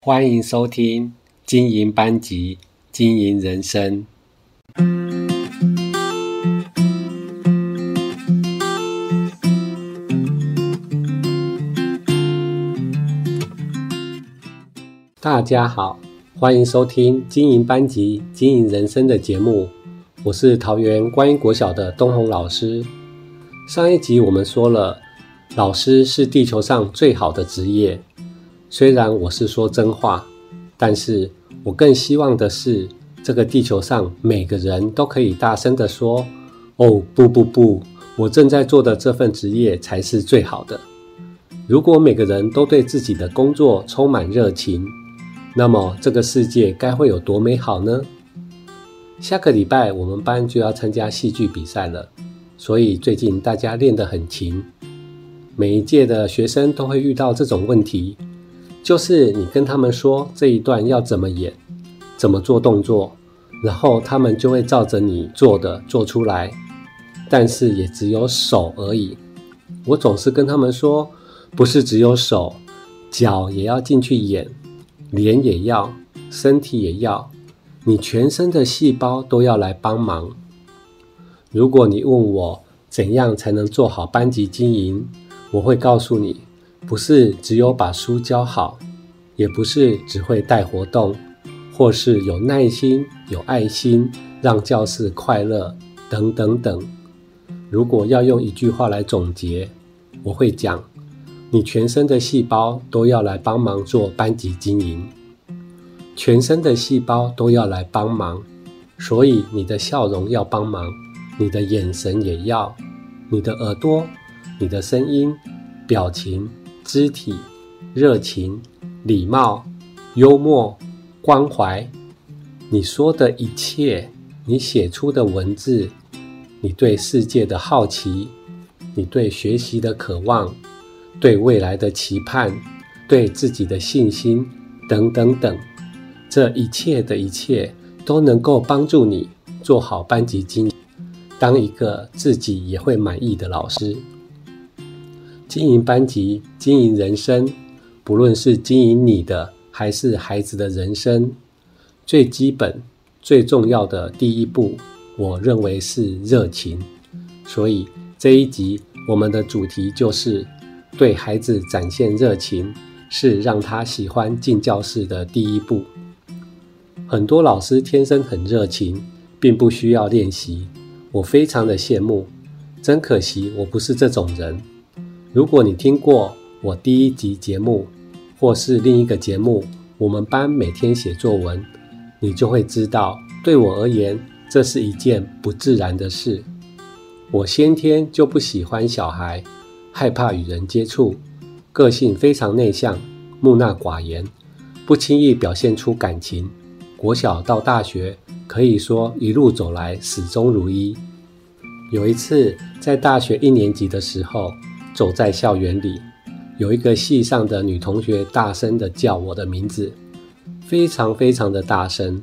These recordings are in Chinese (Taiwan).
歡迎收聽《經營班級，經營人生》。大家好，歡迎收聽《經營班級，經營人生》的節目。我是桃園觀音國小的東紅老師。上一集我們說了，老師是地球上最好的職業。雖然我是說真話，但是我更希望的是，這個地球上每個人都可以大聲的說：“哦，不不不，我正在做的這份職業才是最好的。”如果每個人都對自己的工作充滿熱情，那麼這個世界該會有多美好呢？下個禮拜我們班就要參加戲劇比賽了，所以最近大家練得很勤。每一屆的學生都會遇到這種問題。就是你跟他們說這一段要怎麼演，怎麼做動作，然後他們就會照着你做的做出來，但是也只有手而已。我總是跟他們說，不是只有手，腳也要進去演，臉也要，身體也要，你全身的細胞都要來幫忙。如果你問我怎樣才能做好班級經營？我會告訴你，不是只有把書教好，也不是只會帶活動，或是有耐心、有愛心，讓教室快樂等等等。如果要用一句話來總結，我會講：你全身的細胞都要來幫忙做班級經營，全身的細胞都要來幫忙。所以你的笑容要幫忙，你的眼神也要，你的耳朵、你的聲音、表情。肢體、熱情、禮貌、幽默、關懷，你說的一切，你寫出的文字，你對世界的好奇，你對學習的渴望，對未來的期盼，對自己的信心，等等等，這一切的一切，都能夠幫助你做好班級經營，當一個自己也會滿意的老師。經營班級，經營人生，不論是經營你的還是孩子的人生，最基本、最重要的第一步，我認為是熱情。所以這一集我們的主題就是對孩子展現熱情，是讓他喜歡進教室的第一步。很多老師天生很熱情，並不需要練習，我非常的羨慕。真可惜，我不是這種人。如果你聽過我第一集節目，或是另一個節目，我們班每天寫作文，你就會知道，對我而言，這是一件不自然的事。我先天就不喜歡小孩，害怕與人接觸，個性非常內向，木訥寡言，不輕易表現出感情。國小到大學，可以說一路走來始終如一。有一次在大學一年級的時候。走在校園裡，有一個系上的女同學大聲地叫我的名字，非常非常的大聲。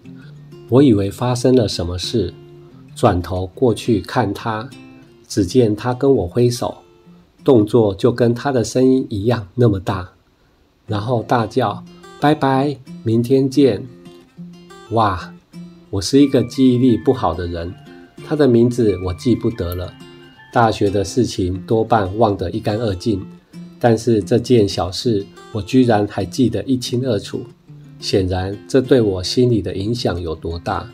我以為發生了什麼事，轉頭過去看她，只見她跟我揮手，動作就跟她的聲音一樣那麼大，然後大叫：“拜拜，明天見！”哇，我是一個記憶力不好的人，她的名字我記不得了。大學的事情多半忘得一乾二淨，但是這件小事我居然還記得一清二楚。顯然，這對我心裡的影響有多大？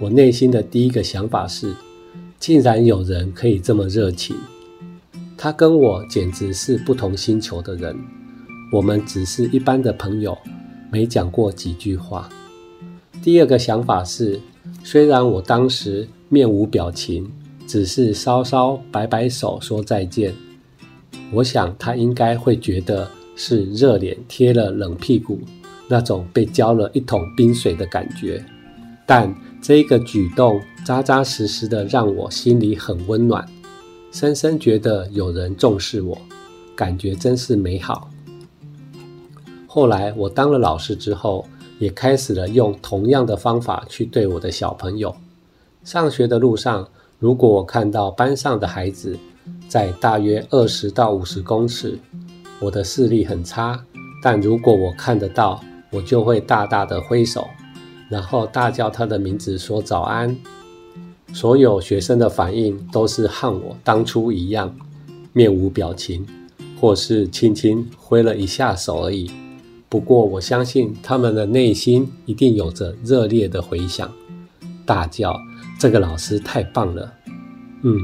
我內心的第一個想法是：竟然有人可以這麼熱情。他跟我簡直是不同星球的人，我們只是一般的朋友，沒講過幾句話。第二個想法是：雖然我當時面無表情。只是稍稍擺擺手說再見，我想他應該會覺得是熱臉貼了冷屁股，那種被澆了一桶冰水的感覺。但這個舉動扎扎實實的讓我心裡很溫暖，深深覺得有人重視我，感覺真是美好。後來我當了老師之後，也開始了用同樣的方法去對我的小朋友，上學的路上，如果我看到班上的孩子在大約二十到五十公尺，我的視力很差，但如果我看得到，我就會大大的揮手，然後大叫他的名字說早安。所有學生的反應都是和我當初一樣，面無表情，或是輕輕揮了一下手而已。不過我相信他們的內心一定有着熱烈的回響，大叫。這個老師太棒了，嗯，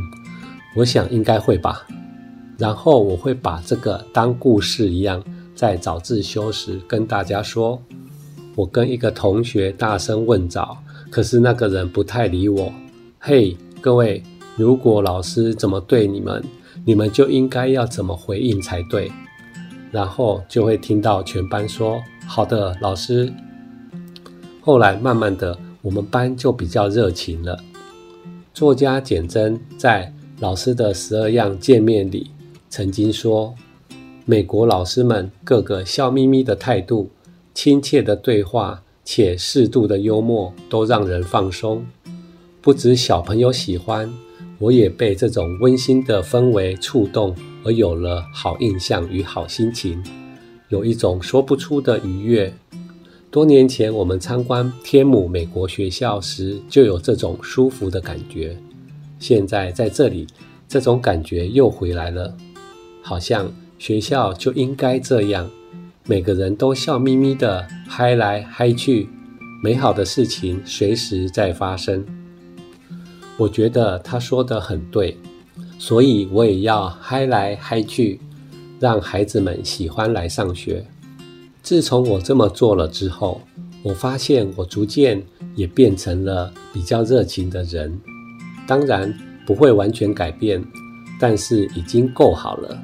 我想應該會吧。然後我會把這個當故事一樣，在早自修時跟大家說。我跟一個同學大聲問早，可是那個人不太理我。嘿，各位，如果老師怎麼對你們，你們就應該要怎麼回應才對。然後就會聽到全班說：“好的，老師。”後來慢慢的。我們班就比較熱情了。作家簡媜在《老師的十二樣見面禮》曾經說：“美國老師們個個笑眯眯的態度、親切的對話且適度的幽默，都讓人放鬆。不只小朋友喜歡，我也被這種溫馨的氛圍觸動，而有了好印象與好心情，有一種說不出的愉悅。”多年前，我們參觀天母美國學校時，就有這種舒服的感覺。現在在這裡，這種感覺又回來了，好像學校就應該這樣，每個人都笑眯眯的嗨來嗨去，美好的事情隨時在發生。我覺得他說的很對，所以我也要嗨來嗨去，讓孩子們喜歡來上學。自從我這麼做了之後，我發現我逐漸也變成了比較熱情的人。當然不會完全改變，但是已經夠好了。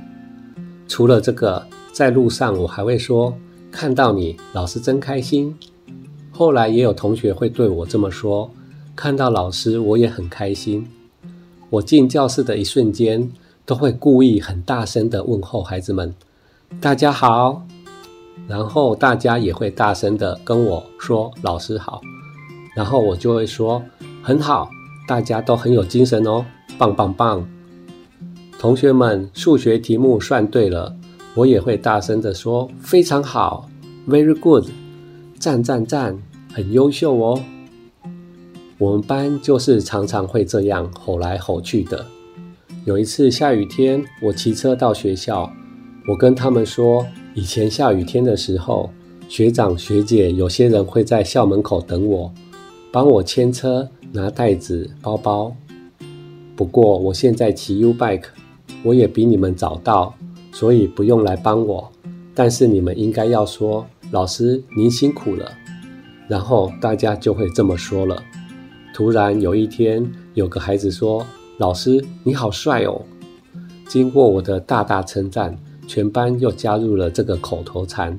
除了這個，在路上我還會說：“看到你，老師真開心。”後來也有同學會對我這麼說：“看到老師，我也很開心。”我進教室的一瞬間，都會故意很大聲地問候孩子們：“大家好。”然後大家也會大聲的跟我說：“老師好。”然後我就會說：“很好，大家都很有精神哦，棒棒棒！”同學們數學題目算對了，我也會大聲的說：“非常好，very good，贊贊贊，很優秀哦。”我們班就是常常會這樣吼來吼去的。有一次下雨天，我騎車到學校，我跟他們說。以前下雨天的時候，學長學姐有些人會在校門口等我，幫我牽車、拿袋子、包包。不過我現在騎 U-Bike，我也比你們早到，所以不用來幫我。但是你們應該要說：“老師，您辛苦了。”然後大家就會這麼說了。突然有一天，有個孩子說：“老師，你好帥哦！”經過我的大大稱讚。全班又加入了這個口頭禪，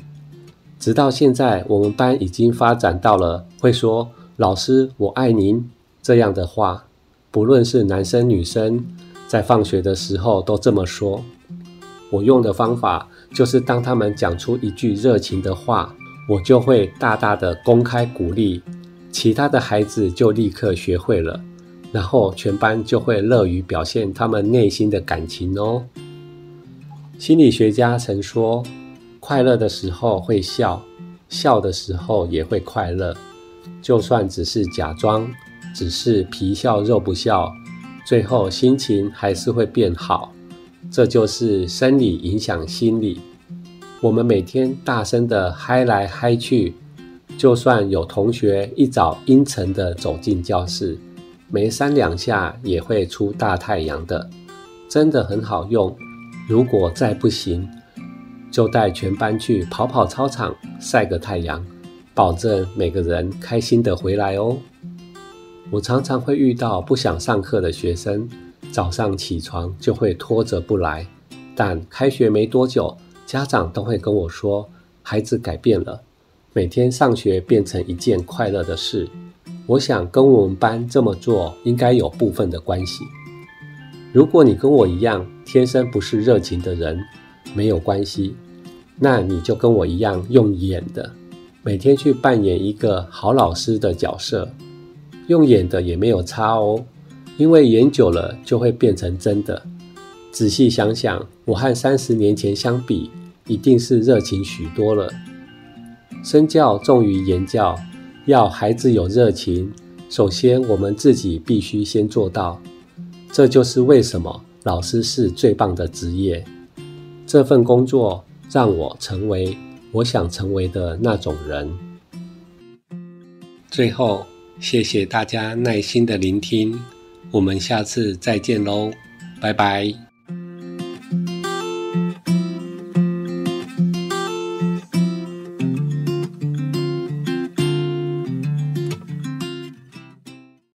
直到現在，我們班已經發展到了會說“老師，我愛您”這樣的話。不論是男生女生，在放學的時候都這麼說。我用的方法就是，當他們講出一句熱情的話，我就會大大的公開鼓勵，其他的孩子就立刻學會了，然後全班就會樂於表現他們內心的感情哦。心理學家曾說，快樂的時候會笑，笑的時候也會快樂。就算只是假裝，只是皮笑肉不笑，最後心情還是會變好。這就是生理影響心理。我們每天大聲的嗨來嗨去，就算有同學一早陰沉的走進教室，沒三兩下也會出大太陽的，真的很好用。如果再不行，就帶全班去跑跑操場，曬個太陽，保證每個人開心的回來哦。我常常會遇到不想上課的學生，早上起床就會拖着不來。但開學沒多久，家長都會跟我說，孩子改變了，每天上學變成一件快樂的事。我想跟我們班這麼做應該有部分的關係。如果你跟我一樣，天生不是熱情的人，沒有關係。那你就跟我一樣用演的，每天去扮演一個好老師的角色。用演的也沒有差哦，因為演久了就會變成真的。仔細想想，我和三十年前相比，一定是熱情許多了。身教重於言教，要孩子有熱情，首先我們自己必須先做到。這就是為什麼。老師是最棒的職業，這份工作讓我成為我想成為的那種人。最後，謝謝大家耐心的聆聽，我們下次再見嘍，拜拜。